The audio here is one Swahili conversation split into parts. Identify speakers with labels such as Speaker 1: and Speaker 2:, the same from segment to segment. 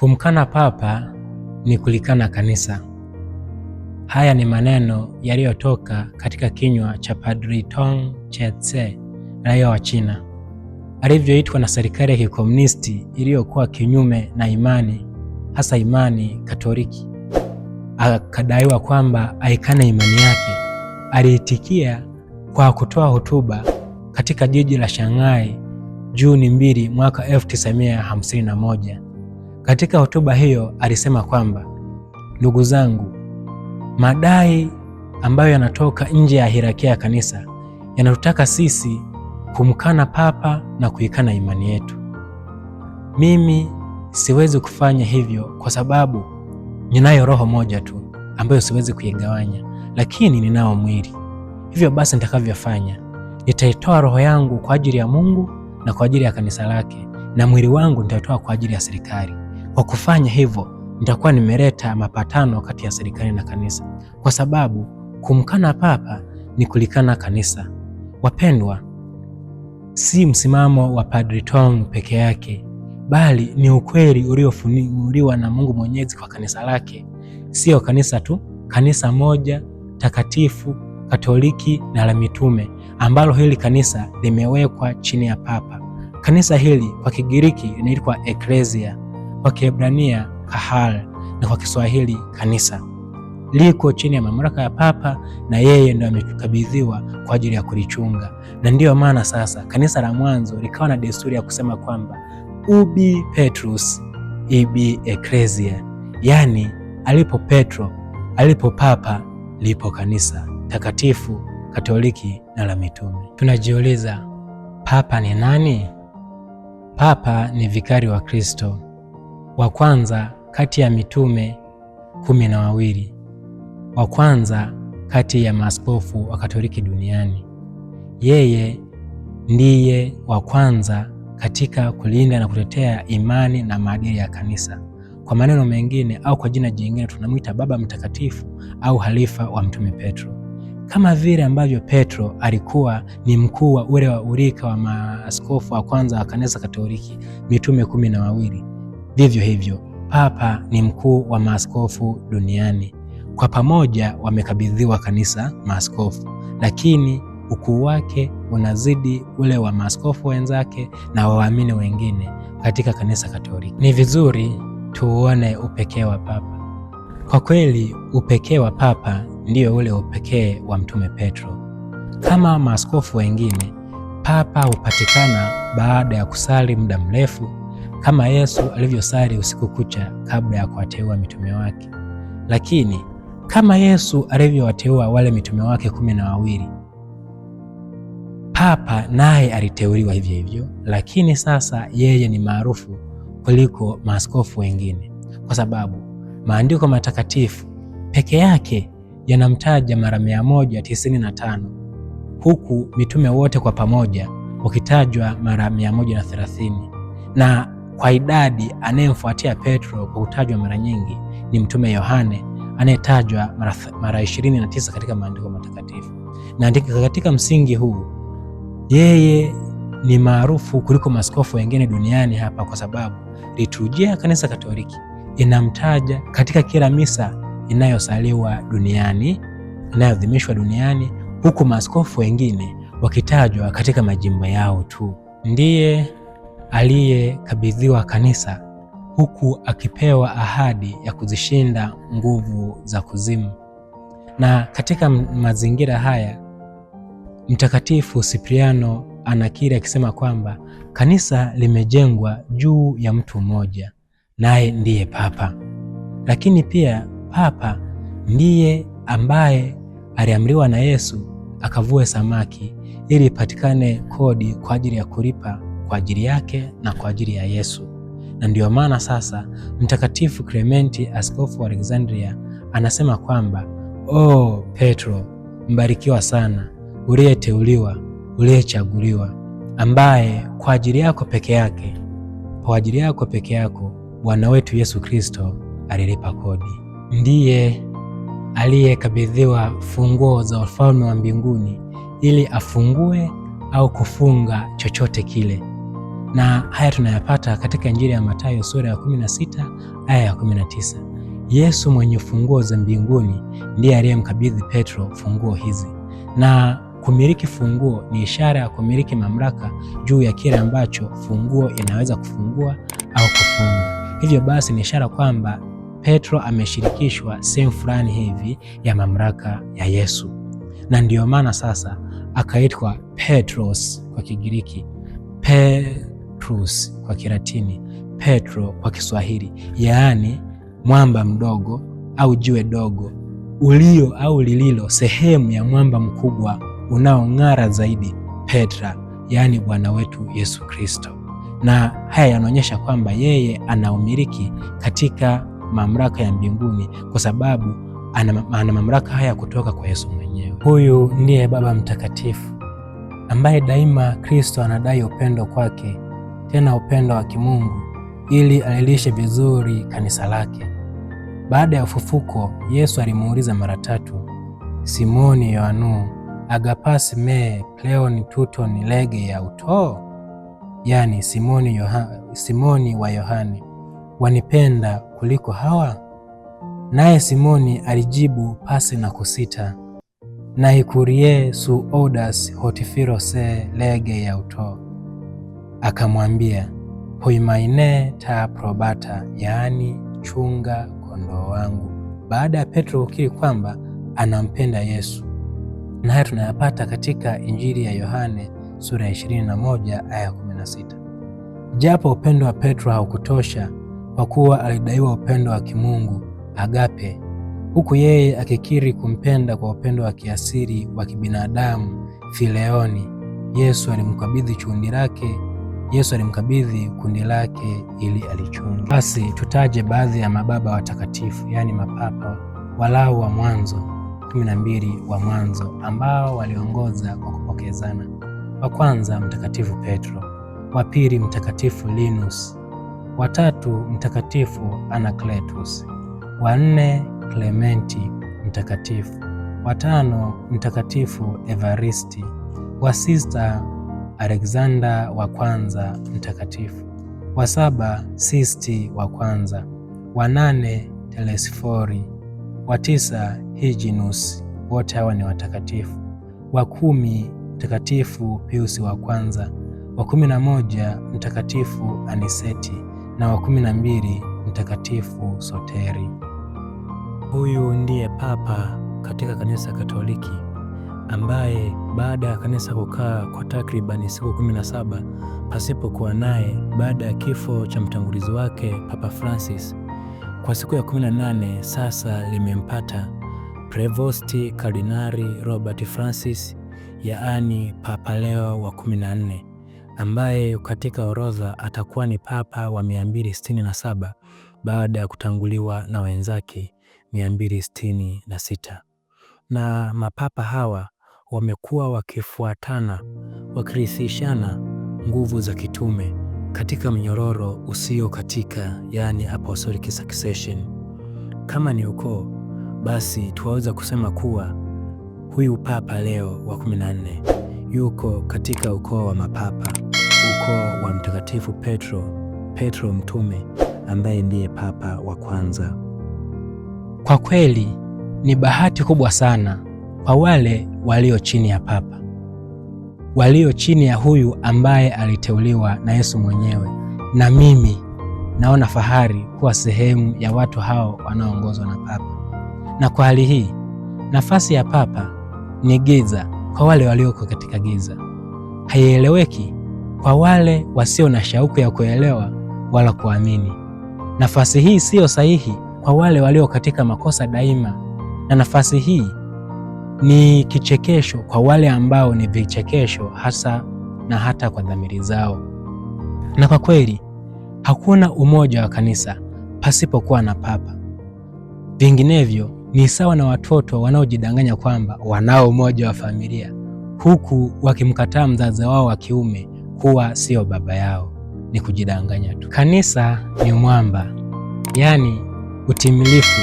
Speaker 1: Kumkana papa ni kulikana kanisa. Haya ni maneno yaliyotoka katika kinywa cha Padri Tong Chetse, raia wa China, alivyoitwa na serikali ya kikomunisti iliyokuwa kinyume na imani, hasa imani Katoliki. Akadaiwa kwamba aikane imani yake. Aliitikia kwa kutoa hotuba katika jiji la Shanghai Juni 2 mwaka 1951. Katika hotuba hiyo alisema kwamba, ndugu zangu, madai ambayo yanatoka nje ya hierarkia ya kanisa yanatutaka sisi kumkana papa na kuikana imani yetu. Mimi siwezi kufanya hivyo kwa sababu ninayo roho moja tu ambayo siwezi kuigawanya, lakini ninao mwili. Hivyo basi nitakavyofanya, nitaitoa roho yangu kwa ajili ya Mungu na kwa ajili ya kanisa lake, na mwili wangu nitatoa kwa ajili ya serikali. Kwa kufanya hivyo, nitakuwa nimeleta mapatano kati ya serikali na kanisa, kwa sababu kumkana papa ni kulikana kanisa. Wapendwa, si msimamo wa Padri Tong peke yake, bali ni ukweli uliofunuliwa na Mungu Mwenyezi kwa kanisa lake. Sio kanisa tu, kanisa moja takatifu Katoliki na la mitume, ambalo hili kanisa limewekwa chini ya papa. Kanisa hili kwa Kigiriki linaitwa eklesia, kwa Kiebrania kahal na kwa Kiswahili kanisa, liko chini ya mamlaka ya Papa na yeye ndo amekabidhiwa kwa ajili ya kulichunga. Na ndiyo maana sasa kanisa la mwanzo likawa na desturi ya kusema kwamba ubi Petrus ibi Ecclesia, yani alipo Petro alipo Papa lipo kanisa takatifu Katoliki na la mitume. Tunajiuliza, Papa ni nani? Papa ni vikari wa Kristo wa kwanza kati ya mitume kumi na wawili, wa kwanza kati ya maaskofu wa Katoliki duniani. Yeye ndiye wa kwanza katika kulinda na kutetea imani na maadili ya kanisa. Kwa maneno mengine au kwa jina jingine, tunamwita Baba Mtakatifu au halifa wa Mtume Petro. Kama vile ambavyo Petro alikuwa ni mkuu wa ule wa urika wa maaskofu wa kwanza wa kanisa Katoliki, mitume kumi na wawili, Vivyo hivyo, Papa ni mkuu wa maaskofu duniani. Kwa pamoja wamekabidhiwa kanisa maaskofu, lakini ukuu wake unazidi ule wa maaskofu wenzake na waamini wengine katika kanisa Katoliki. Ni vizuri tuuone upekee wa Papa. Kwa kweli, upekee wa Papa ndiyo ule upekee wa Mtume Petro. Kama maaskofu wengine, Papa hupatikana baada ya kusali muda mrefu kama Yesu alivyosali usiku kucha kabla ya kuwateua mitume wake. Lakini kama Yesu alivyowateua wale mitume wake kumi na wawili, Papa naye aliteuliwa hivyo hivyo, lakini sasa yeye ni maarufu kuliko maaskofu wengine, kwa sababu maandiko matakatifu peke yake yanamtaja mara 195 tano huku mitume wote kwa pamoja wakitajwa mara 130 na kwa idadi, anayemfuatia Petro kwa kutajwa mara nyingi ni Mtume Yohane anayetajwa mara, 29 katika maandiko matakatifu. Na katika msingi huu yeye ni maarufu kuliko maskofu wengine duniani hapa, kwa sababu liturujia ya Kanisa Katoliki inamtaja katika kila misa inayosaliwa duniani inayoadhimishwa duniani, huku maskofu wengine wakitajwa katika majimbo yao tu. Ndiye aliyekabidhiwa kanisa huku akipewa ahadi ya kuzishinda nguvu za kuzimu. Na katika mazingira haya Mtakatifu Sipriano anakiri akisema kwamba kanisa limejengwa juu ya mtu mmoja, naye ndiye Papa. Lakini pia Papa ndiye ambaye aliamriwa na Yesu akavue samaki ili ipatikane kodi kwa ajili ya kulipa kwa ajili yake na kwa ajili ya Yesu. Na ndiyo maana sasa Mtakatifu Klementi, askofu wa Alexandria, anasema kwamba oh, Petro mbarikiwa sana, uliyeteuliwa, uliyechaguliwa, ambaye kwa ajili yako peke yake, kwa ajili yako peke yako Bwana wetu Yesu Kristo alilipa kodi. Ndiye aliyekabidhiwa funguo za ufalme wa mbinguni ili afungue au kufunga chochote kile na haya tunayapata katika Injili ya Mathayo sura ya 16 aya ya 19. Yesu mwenye funguo za mbinguni ndiye aliyemkabidhi Petro funguo hizi, na kumiliki funguo ni ishara ya kumiliki mamlaka juu ya kile ambacho funguo inaweza kufungua au kufunga. Hivyo basi ni ishara kwamba Petro ameshirikishwa sehemu fulani hivi ya mamlaka ya Yesu, na ndiyo maana sasa akaitwa Petros kwa Kigiriki Pe Petrus kwa Kilatini, Petro kwa Kiswahili, yaani mwamba mdogo au jiwe dogo, ulio au lililo sehemu ya mwamba mkubwa unaong'ara zaidi, Petra, yaani Bwana wetu Yesu Kristo. Na haya yanaonyesha kwamba yeye ana umiliki katika mamlaka ya mbinguni kwa sababu ana, ana mamlaka haya kutoka kwa Yesu mwenyewe. Huyu ndiye Baba Mtakatifu ambaye daima Kristo anadai upendo kwake tena upendo wa kimungu ili alilishe vizuri kanisa lake. Baada ya ufufuko, Yesu alimuuliza mara tatu, Simoni Yoanu, agapas me pleon tutoni lege ya utoo? yani Simoni, Yoha, Simoni wa Yohane, wanipenda kuliko hawa? Naye Simoni alijibu pasi na kusita, naikurie su odas hotifirose lege ya utoo akamwambia poimaine ta probata, yaani chunga kondoo wangu. Baada ya Petro kukiri kwamba anampenda Yesu, na haya tunayapata katika Injili ya Yohane sura ya 21 aya 16. Japo upendo wa Petro haukutosha kwa kuwa alidaiwa upendo wa kimungu agape, huku yeye akikiri kumpenda kwa upendo wa kiasiri wa kibinadamu fileoni, Yesu alimkabidhi chundi lake Yesu alimkabidhi kundi lake ili alichunge. Basi tutaje baadhi ya mababa watakatifu, yaani mapapa walau wa mwanzo kumi na mbili wa mwanzo ambao waliongoza kwa kupokezana. Wa kwanza Mtakatifu Petro, wa pili Mtakatifu Linus, wa tatu Mtakatifu Anakletus, wa nne Klementi Mtakatifu, wa tano Mtakatifu Evaristi, wa sita Alexander wa kwanza Mtakatifu, wa saba Sisti wa kwanza, wa nane Telesfori, wa tisa Hijinus, wote hawa ni watakatifu. Wa kumi Mtakatifu Piusi wa kwanza, wa kumi na moja Mtakatifu Aniseti na wa kumi na mbili Mtakatifu Soteri. Huyu ndiye papa katika kanisa Katoliki ambaye baada ya kanisa kukaa kwa takribani siku 17 pasipokuwa naye baada ya kifo cha mtangulizi wake Papa Francis, kwa siku ya 18 sasa limempata Prevosti Kardinari Robert Francis, yaani Papa Leo wa 14 ambaye katika orodha atakuwa ni papa wa 267 baada ya kutanguliwa na wenzake 266 na mapapa hawa wamekuwa wakifuatana, wakirithishana nguvu za kitume katika mnyororo katika, yaani apostolic succession. Kama ni ukoo, basi tuwaweza kusema kuwa huyu papa Leo wa 14 yuko katika ukoo wa mapapa, ukoo wa Mtakatifu Petro, Petro mtume ambaye ndiye papa wa kwanza. Kwa kweli ni bahati kubwa sana kwa wale walio chini ya Papa, walio chini ya huyu ambaye aliteuliwa na Yesu mwenyewe. Na mimi naona fahari kuwa sehemu ya watu hao wanaoongozwa na Papa. Na kwa hali hii, nafasi ya Papa ni giza kwa wale walioko katika giza, haieleweki kwa wale wasio na shauku ya kuelewa wala kuamini. Nafasi hii siyo sahihi kwa wale walio katika makosa daima, na nafasi hii ni kichekesho kwa wale ambao ni vichekesho hasa na hata kwa dhamiri zao. Na kwa kweli hakuna umoja wa kanisa pasipokuwa na Papa, vinginevyo ni sawa na watoto wanaojidanganya kwamba wanao umoja wa familia huku wakimkataa mzazi wao wa kiume kuwa sio baba yao. Ni kujidanganya tu. Kanisa ni mwamba, yaani utimilifu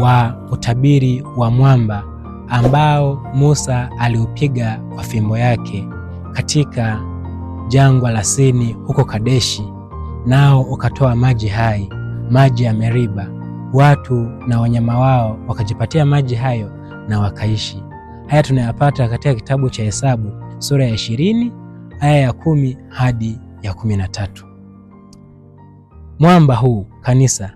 Speaker 1: wa utabiri wa mwamba ambao Musa aliupiga kwa fimbo yake katika jangwa la Sini huko Kadeshi, nao ukatoa maji hai, maji ya Meriba. Watu na wanyama wao wakajipatia maji hayo na wakaishi. Haya tunayapata katika kitabu cha Hesabu sura ya 20 aya ya kumi hadi ya kumi na tatu. Mwamba huu kanisa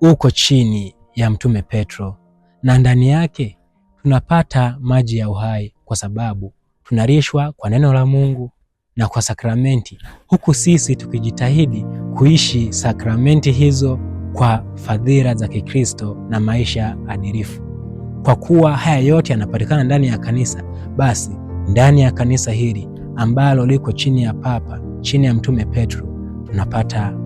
Speaker 1: uko chini ya Mtume Petro na ndani yake tunapata maji ya uhai kwa sababu tunarishwa kwa neno la Mungu na kwa sakramenti, huku sisi tukijitahidi kuishi sakramenti hizo kwa fadhila za Kikristo na maisha adilifu. Kwa kuwa haya yote yanapatikana ndani ya kanisa, basi ndani ya kanisa hili ambalo liko chini ya Papa, chini ya Mtume Petro tunapata